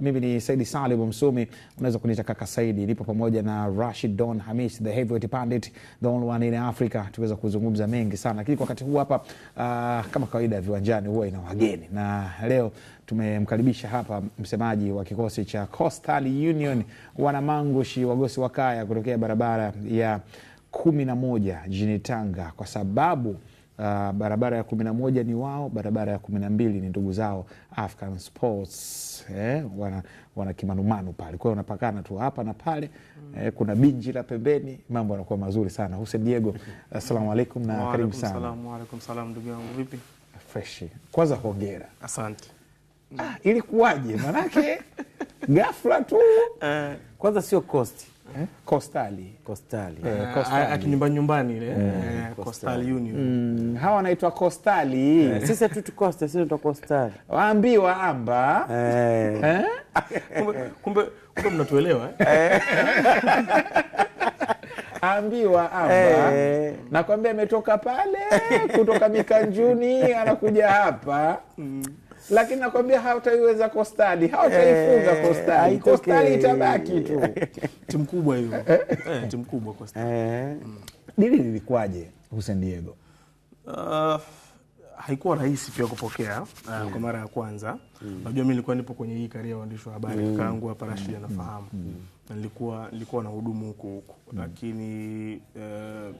Mimi ni Saidi Salim Msumi, unaweza kuniita kaka Saidi. Nipo pamoja na Rashid Don Hamis, the heavyweight pandit, the only one in Africa. Tuweza kuzungumza mengi sana, lakini kwa wakati huu hapa uh, kama kawaida ya viwanjani huwa ina wageni, na leo tumemkaribisha hapa msemaji wa kikosi cha Coastal Union wanamangushi wagosi wa kaya kutokea barabara ya kumi na moja jijini Tanga kwa sababu Uh, barabara ya kumi na moja ni wao, barabara ya kumi na mbili ni ndugu zao African Sports eh, wana, wana kimanumanu pale, kwa hiyo wanapakana tu hapa na pale mm. eh, kuna binji la pembeni, mambo yanakuwa mazuri sana. Hussein Diego, assalamu alaikum na karibu sana. Wa alaikum salam ndugu yangu, vipi? Freshi. Kwanza hongera, asante. Ah, ilikuwaje? Manake ghafla tu uh, kwanza sio kosti Eh? Kostali, eh, ah, nyumbani ile eh, Kostali Union. Mm, hawa wanaitwa Kostali. sisi tu sisi tu Kostali. Waambiwa amba. Kumbe kumbe kumbe mnatuelewa. Ambiwa amba. Hey. Nakwambia ametoka pale kutoka Mikanjuni anakuja hapa. Mm lakini nakwambia hawataiweza kostadi, hawataifunga kostadi, eh, kostadi itabaki tu timu kubwa hiyo, eh. Eh, timu kubwa kostadi. Mm. Dili lilikuwaje Hussein Diego? Uh, haikuwa rahisi pia kupokea uh, yeah. Kwa mm. mara ya kwanza mm. Najua mi nilikuwa nipo kwenye hii karia ya waandishi wa habari mm. Kakaangu hapa Rashid anafahamu mm. mm. Nilikuwa nilikuwa na hudumu huku huku mm. Lakini uh,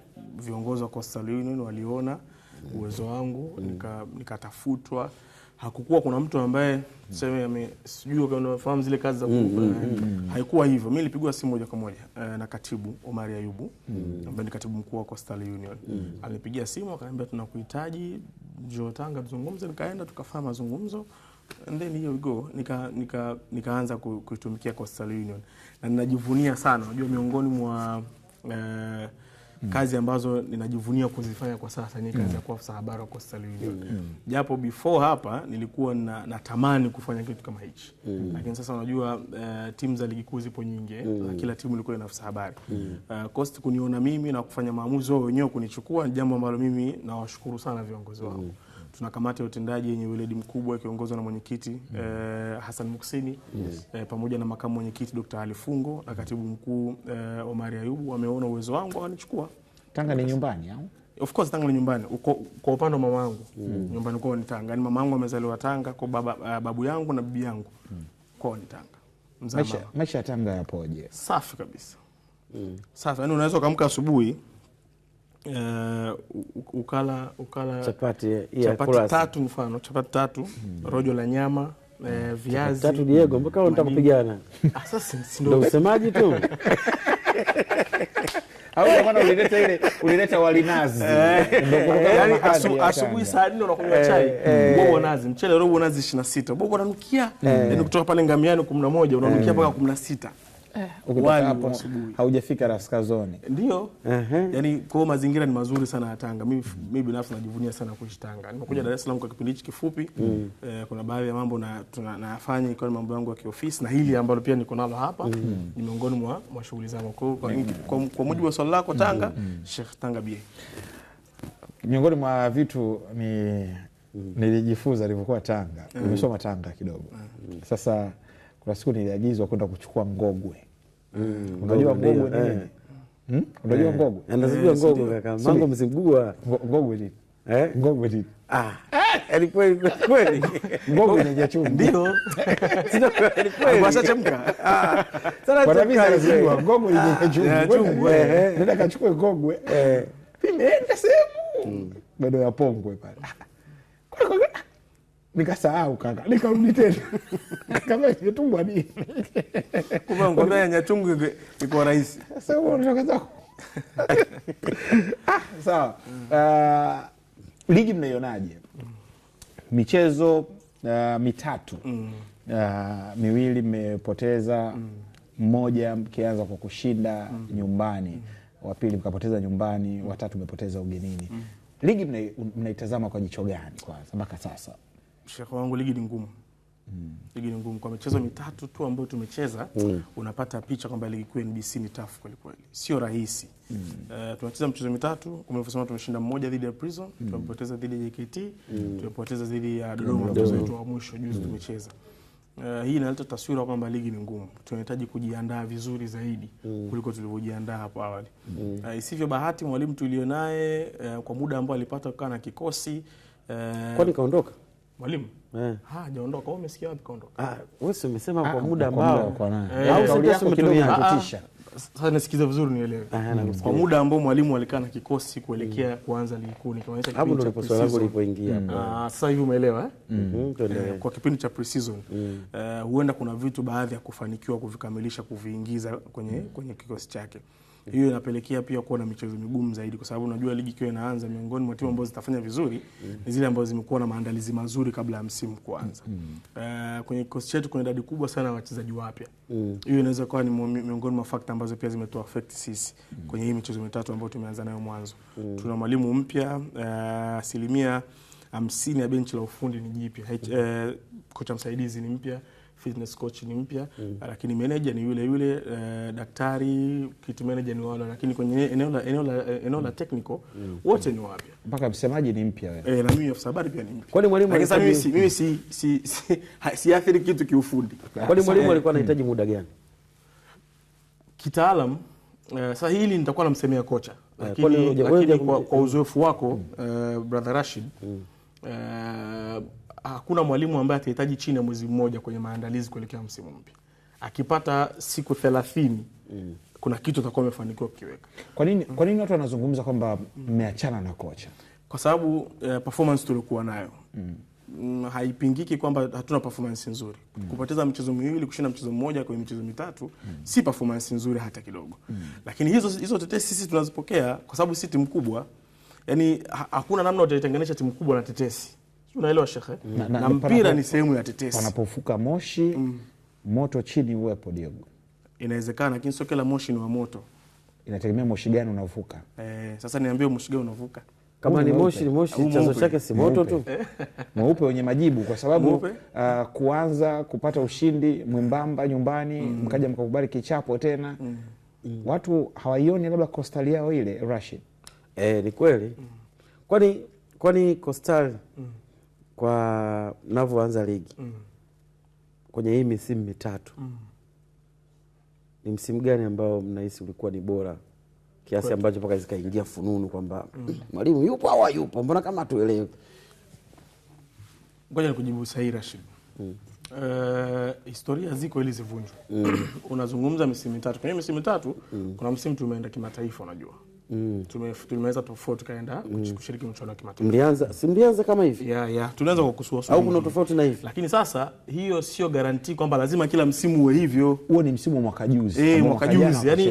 viongozi wa Coastal Union waliona uwezo wangu mm. Nikatafutwa nika hakukuwa kuna mtu ambaye tuseme sijui unafahamu zile kazi za mm, mm, mm, mm, haikuwa hivyo. Mimi nilipigwa simu moja kwa moja eh, na katibu Omari Ayubu mm, ambaye ni katibu mkuu wa Coastal Union mm. Alinipigia simu akaniambia tunakuhitaji, njoo Tanga tuzungumze. Nikaenda tukafanya mazungumzo and then here we go, nika, nika, nikaanza kuitumikia Coastal Union na ninajivunia sana, unajua miongoni mwa eh, Mm. kazi ambazo ninajivunia kuzifanya kwa sasa ni kazi ya mm. kuwa afisa habari wa Coastal Union mm. japo before hapa nilikuwa na, natamani kufanya kitu kama hichi mm. lakini sasa unajua uh, timu za ligi kuu zipo nyingi mm. kila timu ilikuwa ina afisa habari mm. uh, eh, Coast kuniona mimi na kufanya maamuzi wao wenyewe kunichukua, jambo ambalo mimi nawashukuru sana viongozi wangu mm. Tuna kamati ya utendaji yenye weledi mkubwa ikiongozwa na mwenyekiti mm. eh, Hassan Muksini yes. eh, pamoja na makamu mwenyekiti Dr. Ali Fungo na katibu mkuu eh, Omari Ayubu wameona uwezo wangu wakanichukua. Tanga ni nyumbani au? Of course Tanga ni nyumbani. Kwa upande wa mama yangu mm. nyumbani kwao ni Tanga. Ni yaani mama yangu amezaliwa Tanga, kwa baba, uh, babu yangu na bibi yangu mm. kwao ni Tanga. Maisha ya Tanga yapoje? Safi kabisa mm. Safi, yani unaweza ukaamka asubuhi uh, ukala, ukala chapati, yeah, chapati yeah, tatu mfano chapati tatu mm. rojo la nyama eh, viazi tatu Diego, mpaka unataka ah, sasa, ndio usemaji tu eh. yaani asubuhi saa nne unakunywa eh, chai bobo nazi mchele robo nazi ishirini na sita bobo unanukia yaani kutoka pale ngamiani kumi na moja unanukia mpaka kumi na sita eh, ukitoka hapo haujafika Zone Ndio. uh -huh. Yani kwao mazingira ni mazuri sana ya Tanga. Mimi binafsi najivunia sana kuishi Tanga. Nimekuja mm. Dar es Salaam kwa kipindi hiki kifupi mm. Eh, kuna baadhi ya mambo nayafanya na ikiwa ni mambo yangu ya kiofisi na hili ambalo pia niko nalo hapa mm. ni miongoni mwa, mwa shughuli zangu kwa, kwa, mm. kwa, kwa mujibu wa swali lako Tanga mm. mm. Sheikh Tanga bie miongoni mwa vitu ni mm. nilijifunza nilivyokuwa Tanga, nimesoma Tanga kidogo sasa kuna siku niliagizwa kwenda kuchukua ngogwe. Mm, unajua ngogwe ni nini? Eh. Hmm? Unajua eh, ngogwe? Anazijua eh, ngogwe kaka. Mango msibua. Ngogwe nini? Eh? Ngogwe nini? Ah. Ni yaani kweli kweli. Ngogwe ni chumvi. Ndio. Sio yaani kweli ah, kweli. Basi chemka. Ah. Sasa chemka. Mimi nazijua ngogwe ni ah, chumvi. Eh. Nenda kachukue ngogwe. Eh. Nimeenda sehemu. Mm. Bado yapongwe pale nikasahau kaka, nikarudi tena kama tumbwa nini, kumbe ngombe ya iko rahisi. Sasa zako ah, sawa. Uh, ligi mnaionaje? Michezo uh, mitatu uh, miwili mmepoteza, mm. mmoja mkianza kwa kushinda mm. nyumbani, wa pili mkapoteza nyumbani, watatu mmepoteza ugenini. Ligi mnaitazama kwa jicho gani kwanza mpaka sasa? shekhe wangu, ligi ni ngumu mm. ligi ni ngumu. Kwa michezo mm. mitatu tu ambayo tumecheza mm. unapata picha kwamba ligi kuu NBC ni tafu kweli kweli, sio rahisi mm. Uh, tumecheza michezo mitatu kama ulivyosema, tumeshinda mmoja dhidi ya Prison mm. tumepoteza dhidi ya JKT mm. tumepoteza dhidi ya mm. Dodoma mm. mchezo wetu wa mwisho juzi mm. tumecheza Uh, hii inaleta taswira kwamba ligi ni ngumu. Tunahitaji kujiandaa vizuri zaidi mm. kuliko tulivyojiandaa hapo awali mm. Uh, isivyo bahati mwalimu tulionaye uh, kwa muda ambao alipata kukaa na kikosi uh, kwani kaondoka Mwalimu eh, hajaondoka. Wewe umesikia wapi kaondoka? Ah, wewe umesema kwa ah, muda ambao eh, au kutisha. Ah, ah. Sasa vizuri nielewe. Kwa muda ambao mwalimu alikaa na kikosi kuelekea mm. kuanza ligi kuu, hapo lipo mm. Ah, sasa hivi umeelewa eh? Mm. Mhm, eh kwa kipindi cha pre-season eh, huenda kuna vitu baadhi ya kufanikiwa kuvikamilisha kuviingiza kwenye kwenye kikosi chake hiyo inapelekea pia kuwa na michezo migumu zaidi, kwa sababu unajua ligi ikiwa inaanza, miongoni mwa timu ambazo zitafanya vizuri ni zile ambazo zimekuwa na maandalizi mazuri kabla ya msimu kuanza. Uh, kwenye kikosi chetu kuna idadi kubwa sana ya wachezaji wapya. Mm. Hiyo inaweza kuwa ni miongoni mwa fakta ambazo pia zimetua affect sisi mm. kwenye hii michezo mitatu ambayo tumeanza nayo mwanzo. Mm. Tuna mwalimu mpya eh, asilimia uh, hamsini ya benchi la ufundi ni jipya. Uh, kocha msaidizi ni mpya fitness coach ni mpya mm. lakini manager ni yule yule, uh, daktari kit manager ni wale, lakini kwenye eneo la eneo la eh, eneo la mm. technical mm. wote ni wapya, mpaka msemaji ni mpya wewe eh, na mimi afisa habari pia ni mpya. Kwani mwalimu alikuwa mimi si mimi si si, si, si athiri kitu kiufundi. Kwani mwalimu eh, alikuwa anahitaji mm. muda gani kitaalamu Uh, sasa hili nitakuwa namsemea kocha lakini, uh, lakini, kwa, kwa uzoefu wako mm. uh, brother Rashid mm. uh, hakuna mwalimu ambaye atahitaji chini ya mwezi mmoja kwenye maandalizi kuelekea msimu mpya. Akipata siku thelathini mm. kuna kitu utakuwa amefanikiwa kukiweka. Kwa nini mm. kwa nini watu wanazungumza kwamba mmeachana mm. na kocha? Kwa sababu eh, performance tuliokuwa nayo mm. Mm, haipingiki kwamba hatuna performance nzuri mm. Kupoteza mchezo miwili kushinda mchezo mmoja kwenye michezo mitatu mm. si performance nzuri hata kidogo mm. Lakini hizo hizo tetesi sisi tunazipokea kwa sababu si timu kubwa, yani hakuna namna utaitenganisha timu kubwa na tetesi unaelewa shekhe na, na, na mpira ni sehemu ya tetesi. Panapofuka moshi mm. moto chini uwepo Diego, inawezekana lakini sio kila moshi ni wa moto, inategemea moshi gani unavuka Eh, sasa niambie moshi gani unavuka kama ni moshi ni moshi, chanzo chake si moto tu, mweupe wenye majibu, kwa sababu uh, kuanza kupata ushindi mwembamba nyumbani mm. mkaja mkakubali kichapo tena mm. mm. watu hawaioni labda kostali yao ile Rashid. Eh, ni kweli mm. kwani kwani kostali mm kwa navyoanza ligi mm. kwenye hii misimu mitatu mm. ni msimu gani ambao mnahisi ulikuwa ni bora kiasi ambacho mpaka zikaingia fununu kwamba mm. mm. mwalimu yupo au hayupo? Mbona kama tuelewe. Ngoja nikujibu sahihi Rashid. mm. Uh, historia ziko ili zivunjwe. mm. Unazungumza misimu mitatu, kwenye misimu mitatu mm. kuna msimu tumeenda kimataifa, unajua mm. tumeweza tofauti tukaenda mm. kushiriki mchuano wa kimataifa. Mlianza si mlianza kama hivi? Yeah, yeah. Tulianza kwa kusuasua. Au kuna tofauti na hivi? Lakini sasa hiyo sio garantii kwamba lazima kila msimu uwe hivyo. Huo ni msimu wa mwaka juzi. Eh, mwaka juzi yani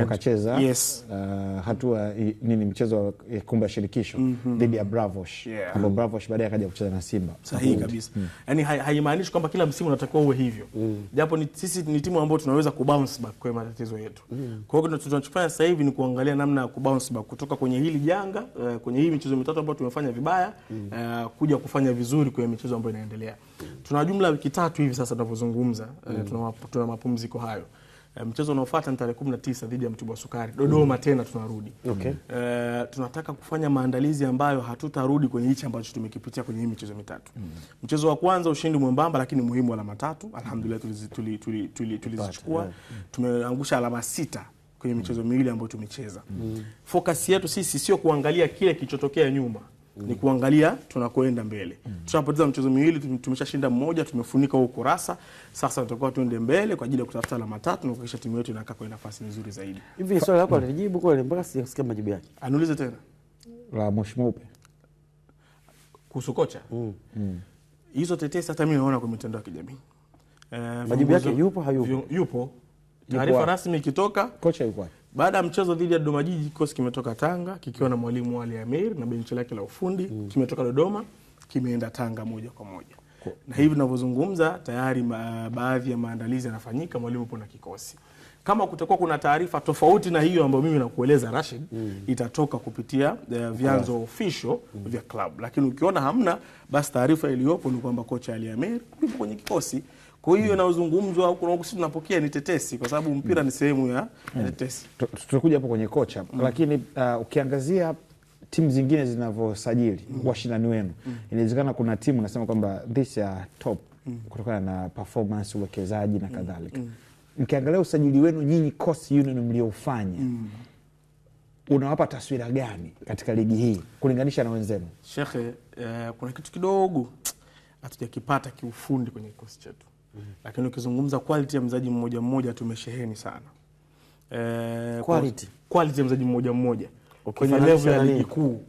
wakacheza eh, eh, yes. Uh, hatua nini mchezo mhm. ya kumbe ya shirikisho dhidi mm -hmm. ya Bravosh. Yeah. Ambapo Bravosh baadaye akaja kucheza na Simba. Sahihi kabisa. Mm. Yaani haimaanishi kwamba kila msimu unatakiwa uwe hivyo. Mm. Japo ni, sisi ni timu ambayo tunaweza kubounce back kwa matatizo yetu. Mm. Kwa hiyo tunachofanya sasa hivi ni kuangalia namna namna ya kubounce back kutoka kwenye hili janga uh, kwenye hii michezo mitatu ambayo tumefanya vibaya mm. uh, kuja kufanya vizuri kwenye michezo ambayo inaendelea. Tuna jumla wiki tatu hivi sasa tunavyozungumza uh, mm. tuna, tuna mapumziko hayo mchezo unaofuata ni tarehe 19 dhidi ya Mtibwa Sukari Dodoma. mm. tena tunarudi okay. Uh, tunataka kufanya maandalizi ambayo hatutarudi kwenye hichi ambacho tumekipitia kwenye hii michezo mitatu. mm. mchezo wa kwanza ushindi mwembamba, lakini muhimu, alama tatu, alhamdulillah tulizichukua, tumeangusha alama sita kwenye michezo miwili ambayo tumecheza. Mm. Focus yetu sisi sio kuangalia kile kilichotokea nyuma, mm. ni kuangalia tunakoenda mbele. Mm. Tunapoteza mchezo miwili, tumeshashinda mmoja, tumefunika huo kurasa. Sasa tutakuwa tuende mbele kwa ajili ya kutafuta alama tatu na kuhakikisha timu yetu inakaa kwenye nafasi nzuri zaidi. Hivi ni swali lako mm. alijibu kwa mpaka sijasikia majibu yake. Aniulize tena. La mheshimiwa Upe. Kuhusu kocha. Mm. Mm. Hizo tetesi hata mimi naona kwa mitandao ya kijamii. Eh, majibu yake yupo hayupo? Yupo. Taarifa rasmi ikitoka, kocha yuko wapi? Baada ya mchezo dhidi ya Dodoma Jiji, kikosi kimetoka Tanga kikiwa na mwalimu Ali Amir na benchi lake la ufundi mm. kimetoka Dodoma kimeenda Tanga moja kwa moja cool. na hivi tunavyozungumza tayari ma, baadhi ya maandalizi yanafanyika, mwalimu upo na kikosi. Kama kutakuwa kuna taarifa tofauti na hiyo ambayo mimi nakueleza Rashid, mm. itatoka kupitia uh, vyanzo okay. official mm. vya club, lakini ukiona hamna, basi taarifa iliyopo ni kwamba kocha Ali Amir yupo kwenye kikosi. Kwa hiyo inayozungumzwa mm. na huku, sisi tunapokea ni tetesi, kwa sababu mpira mm. ni sehemu ya mm. tetesi. Tutakuja hapo kwenye kocha, mm. lakini uh, ukiangazia timu zingine zinavyosajili mm. washindani wenu, mm. inawezekana kuna timu nasema kwamba this ya top mm. kutokana na performance, uwekezaji na mm. kadhalika. mm. Mkiangalia usajili wenu nyinyi Coastal Union mliofanya mm. unawapa taswira gani katika ligi hii kulinganisha na wenzenu shekhe? Eh, kuna kitu kidogo hatujakipata kiufundi kwenye kikosi chetu. -hmm. Lakini ukizungumza quality ya mzaji mmoja mmoja tumesheheni sana e, quality quality ya mzaji mmoja mmoja Kwenye level ya ligi kuu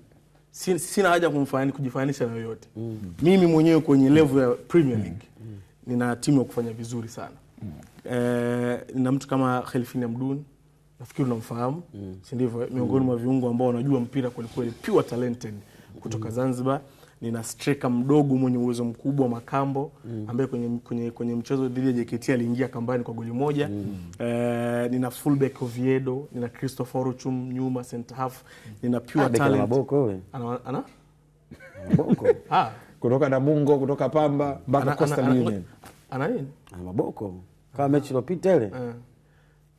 sina haja kumfanya kujifananisha na yoyote mm Mimi mwenyewe kwenye mm. level ya Premier mm. League nina timu ya kufanya vizuri sana mm E, nina mtu kama Khelfin Mdun nafikiri unamfahamu mm si ndivyo, miongoni mm. mwa mm viungo ambao wanajua mpira kwelikweli, pure talented kutoka Zanzibar. Nina streka mdogo mwenye uwezo mkubwa Makambo ambaye kwenye, kwenye, kwenye mchezo dhidi ya JKT aliingia kambani kwa goli moja. Mm. Uh, nina fullback Oviedo, nina Christopher Ochum nyuma center half, nina pure ah, talent. Maboko Ana ana? Maboko. Ah. kutoka Namungo, kutoka Pamba mpaka Coastal Union. Ana nini? Ana ah, maboko. Kama mechi iliyopita ile. Uh.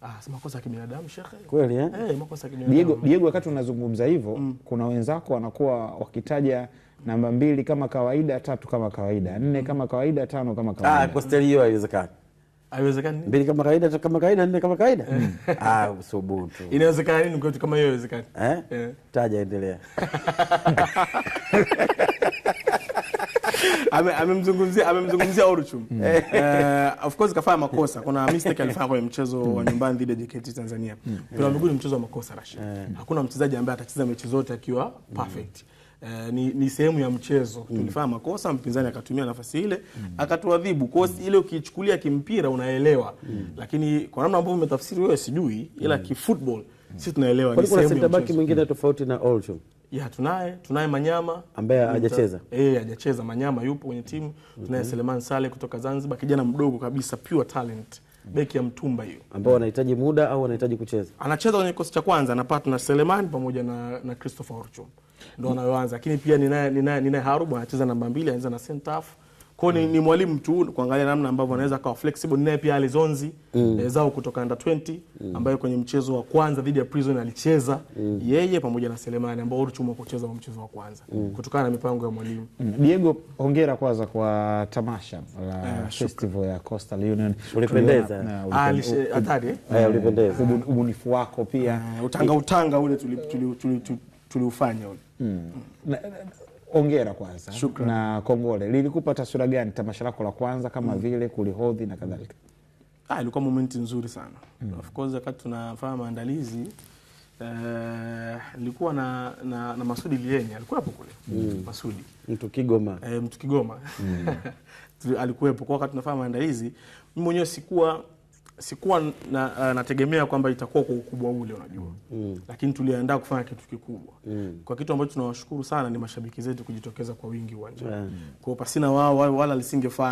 Ah, si makosa ya kibinadamu shekhe. Kweli eh? Eh, makosa ya kibinadamu. Diego, Diego wakati unazungumza hivyo mm. kuna wenzako wanakuwa wakitaja namba mbili kama kawaida, tatu kama kawaida, nne mm. kama kawaida, tano kama ah, kawaida. Ah, kwa staili hiyo haiwezekani. Haiwezekani. Mbili kama kawaida, tatu kama kawaida, nne kama kawaida. Eh. ah, subutu. Inawezekana nini kwetu kama hiyo haiwezekani? Eh? Yeah. Taja endelea. amemzungumzia ame amemzungumzia Oruchum. Mm. Uh, of course kafanya makosa. Kuna mistake alifanya kwenye mchezo wa mm. nyumbani dhidi ya JKT Tanzania. Mpira mm. wa miguu ni mchezo wa makosa Rashid. Eh. Hakuna mchezaji ambaye atacheza mechi zote akiwa mm. perfect. mm. Uh, ni, ni sehemu ya mchezo mm. Tulifanya makosa, mpinzani akatumia nafasi ile mm. akatuadhibu kwa mm. ile ukichukulia kimpira unaelewa mm. lakini kwa namna ambavyo umetafsiri wewe sijui, ila mm. kifootball mm. sisi tunaelewa ni sehemu ya mchezo. Kuna mwingine tofauti na Oruchum ya tunaye tunaye Manyama ambaye hajacheza eh, hajacheza. Manyama yupo kwenye timu. Mhm. Tunaye Selemani Sale kutoka Zanzibar, kijana mdogo kabisa, pure talent, beki ya mtumba hiyo, ambao anahitaji muda au anahitaji kucheza. Anacheza kwenye kikosi cha kwanza, anapata na Selemani pamoja na, na Christopher Orchum ndo mm. anayoanza, lakini pia ninaye ninaye Harubu anacheza namba mbili, anaanza na center half kwa ni, mm. ni mwalimu tu kuangalia namna ambavyo anaweza kuwa flexible naye pia alizonzi mm. Eh, zao kutoka under 20 mm. ambayo kwenye mchezo wa kwanza dhidi ya Prison alicheza mm. yeye pamoja na Selemani ambao chuma kucheza kwa mchezo wa kwanza mm. kutokana na mipango ya mwalimu. Mm. Diego, hongera kwanza kwa tamasha la uh, festival ya Coastal Union. Ulipendeza. Eh, ah, hatari. Eh, ulipendeza. Ubunifu wako pia. Uh, utanga utanga ule tuliufanya tuli, tuli, tuli, tuli ule. Mm. Mm. Na, na, Ongera kwanza Shukra. na kongole. Lilikupa taswira gani tamasha lako la kwanza kama mm. vile kulihodhi na kadhalika? Ah, ilikuwa momenti nzuri sana mm. of course wakati tunafanya maandalizi eh, nilikuwa uh, na, na, na Masudi lienye alikuwepo kule mm. Masudi mtu Kigoma eh, mtu Kigoma mm. alikuwepo kwa wakati tunafanya maandalizi, mimi mwenyewe sikuwa sikuwa na, eh, nategemea kwamba itakuwa kwa ukubwa ule unajua mm. Lakini tuliandaa kufanya kitu kikubwa mm. Kwa kitu ambacho tunawashukuru sana ni mashabiki zetu kujitokeza kwa wingi uwanjani yeah. Mm. Kwa pasina wao wala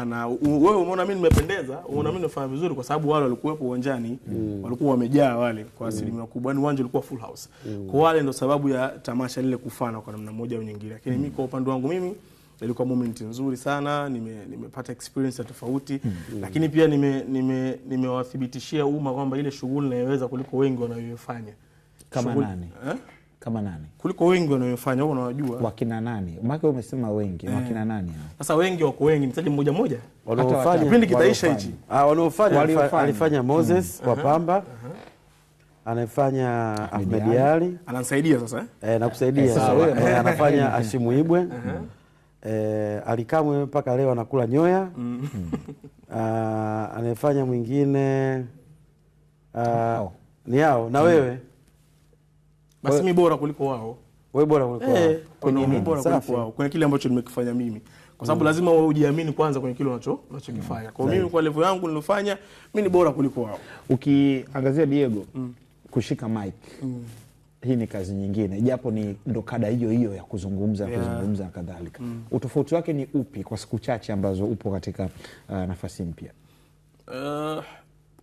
na Wewe umeona mimi nimependeza, umeona mimi nafanya vizuri kwa sababu wale walikuwepo uwanjani mm. Walikuwa wamejaa wale kwa mm. asilimia kubwa, ni yaani uwanja ulikuwa full house mm. Kwa wale ndo sababu ya tamasha lile kufana kwa namna moja au nyingine, lakini mm. mimi kwa upande wangu mimi ilikuwa moment nzuri sana, nimepata nime, experience ya tofauti mm. -hmm. Lakini pia nimewathibitishia nime, nime umma kwamba ile shughuli naiweza kuliko wengi wanayoifanya kama shughuli, nani eh? kama nani kuliko wengi wanaoifanya huwa unawajua wakina nani maana wewe umesema wengi eh. wakina nani hao sasa wengi wako wengi nitaje mmoja mmoja waliofanya kipindi kitaisha hichi ah waliofanya alifanya Moses mm. wa uh-huh. Pamba uh -huh. anafanya Ahmed Ali anamsaidia sasa eh, eh nakusaidia eh, sasa, wewe anafanya Ashimu Ibwe uh-huh eh, Alikamwe mpaka leo anakula nyoya mm. Ah, anayefanya mwingine a, oh. ni hao na mm. wewe basi mi bora kuliko wao wewe bora kuliko wao eh, kwenye nini bora kuliko wao kwenye kile ambacho nimekifanya mimi kwa sababu mm. lazima wewe ujiamini kwanza kwenye kile unacho unachokifanya kwa mimi kwa level yangu nilofanya mimi ni bora kuliko wao ukiangazia Diego mm. kushika mic mm hii ni kazi nyingine, japo ni ndo kada hiyo hiyo ya kuzungumza yeah, kuzungumza na kadhalika mm. Utofauti wake ni upi kwa siku chache ambazo upo katika uh, nafasi mpya? Uh,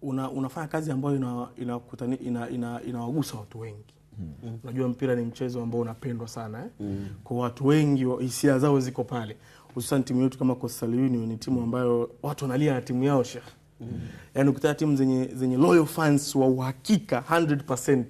una, unafanya kazi ambayo inawagusa ina, ina, ina watu wengi mm. mm. Unajua mpira ni mchezo ambao unapendwa sana eh? mm. Kwa watu wengi hisia zao ziko pale, hususan timu yetu kama Coastal Union ni timu ambayo watu wanalia na timu yao shekh mm. Yaani ukitaka timu zenye, zenye loyal fans wa uhakika 100%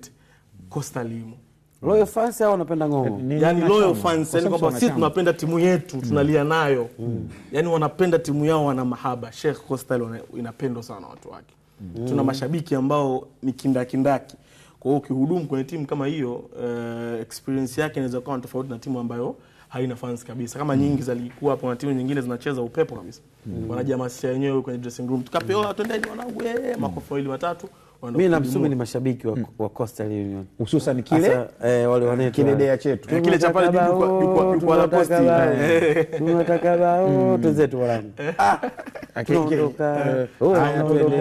Costa limo Loyal fans hao wanapenda ng'ongo. Eh, yaani loyal fans yani kwamba sisi tunapenda timu yetu, tunalia mm. nayo. Mm. Yaani wanapenda timu yao wana mahaba. Sheikh Costa Coastal inapendwa sana watu wake. Mm. Tuna mashabiki ambao ni kindakindaki. Kwa hiyo ukihudumu kwenye timu kama hiyo, uh, experience yake inaweza kuwa tofauti na timu ambayo haina fans kabisa. Kama mm. nyingi za ligi hapo na timu nyingine zinacheza upepo kabisa. Mm. Wanajamasisha wenyewe kwenye dressing room. Tukapewa, mm. twendeni wanangu, eh, eh, makofi mawili matatu mi na Msumi ni mashabiki wa, hmm. Coastal Union hususan kile eh, wale wanaitwa kile dea chetu kile cha pale jukwaa la posti hmm. tunataka bao tuze tu wala haya tuende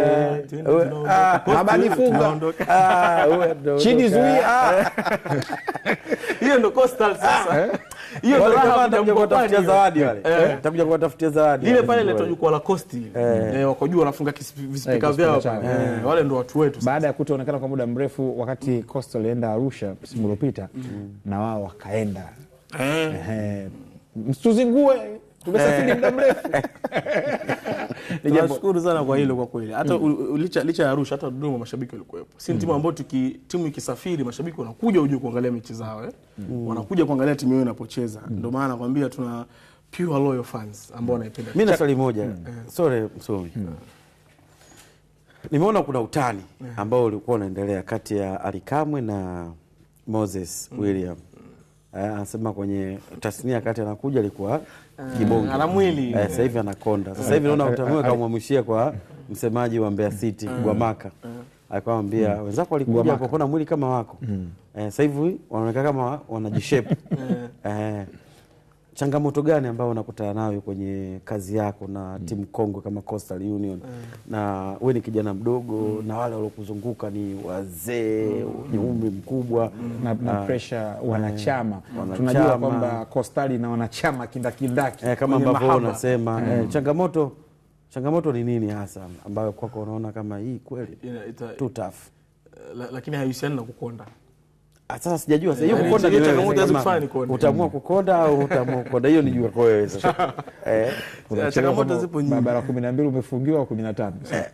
habani oh, ah, funga ah, oh, chini zuia eh. hiyo ndo Coastal sasa. Ah, eh? Hiyo ndo raha mtakuja eh. eh, kutafutia zawadi wale. Mtakuja kutafutia zawadi. Ile pale ile jukwaa la Coast ile. Wako juu wanafunga vispika vyao pale. Wale ndo watu wetu. Baada ya kutoonekana kwa muda mrefu wakati Coastal alienda Arusha msimu uliopita mm. na wao wakaenda. Eh. Msituzingue. Tumesafiri muda mrefu. Nashukuru sana kwa hilo kwa kweli. Hata licha, licha ya Arusha hata Dodoma mashabiki walikuwepo. Si timu ambayo tuki timu ikisafiri mashabiki wanakuja huko kuangalia mechi zao eh. Mm. Wanakuja kuangalia timu yao inapocheza. Mm. Ndio maana nakwambia tuna pure loyal fans ambao wanaipenda. Mimi na swali moja. Mm. Eh, sorry msomi. Nimeona kuna utani ambao ulikuwa unaendelea kati ya Alikamwe na Moses William. Eh, anasema kwenye tasnia kati anakuja alikuwa eh, kibonge ana mwili eh, sasa hivi anakonda. Sasa hivi naona kama kamwamishia kwa msemaji wa Mbeya City mm. Gwamaka mm. akamwambia mm. wenzako walikuja hapo kuna mwili kama wako mm. eh, sasa hivi wanaonekana kama wanajishape eh, eh changamoto gani ambayo unakutana nayo kwenye kazi yako na mm. timu kongwe kama Coastal Union mm. na we ni kijana mdogo mm. na wale waliokuzunguka ni wazee wenye mm. umri mkubwa mm. na, na ah. presha wanachama. Eh, wanachama tunajua kwamba Coastal na wanachama kindakindaki eh, kama ambavyo unasema mm. eh, changamoto changamoto ni nini hasa ambayo kwako unaona kama hii kweli too tough, eh, lakini haihusiani na kukonda Ah, sasa sijajua sasa hiyo eh, kukonda ni wewe. Utaamua kukonda au utaamua kukonda hiyo ni jua kwa wewe sasa. Eh, eh, eh. Changamoto zipo nyingi. Barabara 12 umefungiwa 15 sasa.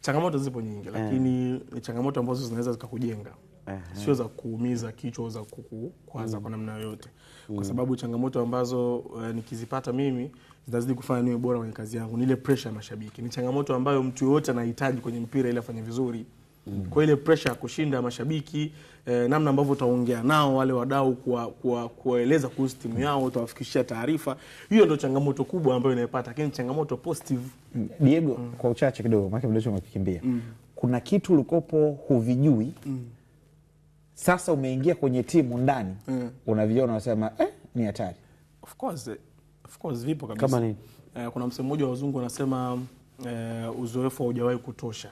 Changamoto zipo nyingi lakini ni changamoto ambazo zinaweza zikakujenga. Sio za kuumiza kichwa za kukukwaza mm. kwa namna yoyote. Kwa mm. sababu changamoto ambazo nikizipata mimi zinazidi kufanya niwe bora kwenye kazi yangu. Ni ile pressure ya mashabiki. Ni changamoto ambayo mtu yoyote anahitaji kwenye mpira ili afanye vizuri mm. Kwa ile pressure ya kushinda mashabiki eh, namna ambavyo utaongea nao wale wadau kuwaeleza kuwa, kuhusu timu yao utawafikishia taarifa, hiyo ndio changamoto kubwa ambayo inaipata, lakini changamoto positive mm, Diego mm. kwa uchache kidogo maana mdocho umekikimbia mm. kuna kitu ulikopo huvijui mm. Sasa umeingia kwenye timu ndani mm. unaviona unasema eh, ni hatari. Of course, of course vipo kabisa. Kama ni? Eh, kuna msemo mmoja wa wazungu anasema eh, uzoefu haujawahi kutosha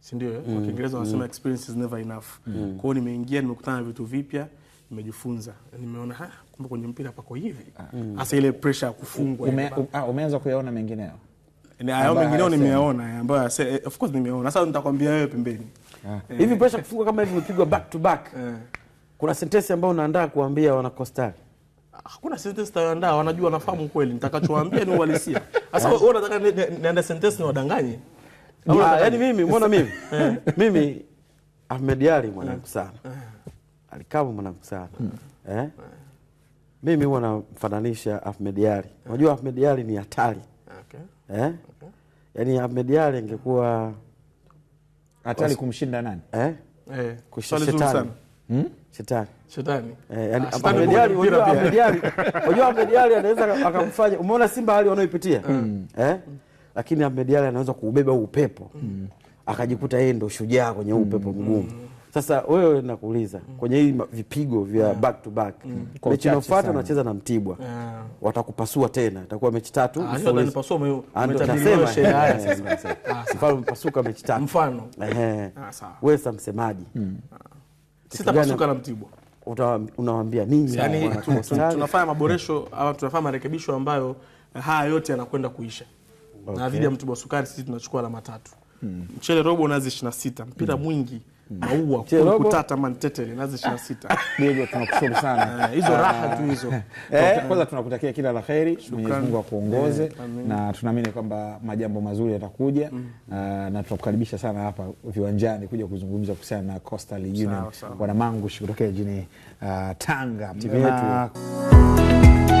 si ndio? mm. Kwa Kiingereza wanasema mm. experience is never enough mm. Kwa hiyo nimeingia, nimekutana na vitu vipya, nimejifunza, nimeona ha, ah, kumbe kwenye mpira pako hivi ah. mm. hasa. mm. Ile pressure ya kufungwa ume, ah, umeanza kuyaona mengineo hayo mengineo nimeyaona, eh, ambayo eh, of course nimeona. Sasa nitakwambia wewe pembeni eh. hivi, pressure kufungwa kama hivi, umepigwa back to back, kuna sentensi ambayo unaandaa kuambia wana Coastal? Hakuna sentensi tayoandaa wanajua, wanafahamu kweli. Nitakachowaambia ni uhalisia. Sasa wewe unataka niandae sentensi niwadanganye? yaani mimi mbona mimi eh. mimi Ahmed Diari eh. eh. mwanangu sana alikamu mwanangu sana eh? mimi huwa namfananisha Ahmed Diari. Unajua Ahmed Diari ni hatari okay. eh? okay. Yaani Ahmed Diari ingekuwa hatari kumshinda nani eh? eh. kushinda shetani hmm? shetani shetani eh, yani ah, Ahmed Diari unajua Ahmed Diari unajua Ahmed Diari anaweza akamfanya umeona Simba hali wanaoipitia mm. eh? Hmm lakini Ahmed Ally anaweza kuubeba huu upepo mm. akajikuta yeye ndo shujaa kwenye huu upepo mm. mgumu mm. Sasa wewe nakuuliza mm. kwenye hii vipigo vya yeah. Mm. back to back mm. mechi inayofuata unacheza na Mtibwa yeah. watakupasua tena, itakuwa mechi tatu ah, mfano ah, ah. mpasuka mechi tatu mfano. Ehe, wewe sa msemaji sitapasuka na Mtibwa unawambia nini? Yani, tunafanya maboresho au tunafanya marekebisho ambayo eh, haya yote yanakwenda kuisha okay. na dhidi ya Mtibwa Sukari sisi tunachukua alama tatu mchele robo nazi ishirini na sita mpira mm. mwingi mm. maua kutata mantetele nazi ishirini na sita Diego, tunakushukuru sana eh, hizo raha tu hizo. Eh, kwanza tunakutakia kila la kheri, Mwenyezi Mungu akuongoze eh, na tunaamini kwamba majambo mazuri yatakuja mm. ah, na tunakukaribisha sana hapa viwanjani kuja kuzungumza kuhusiana na Coastal Union, wana kutokea jijini ah, Tanga, timu yetu. Ah.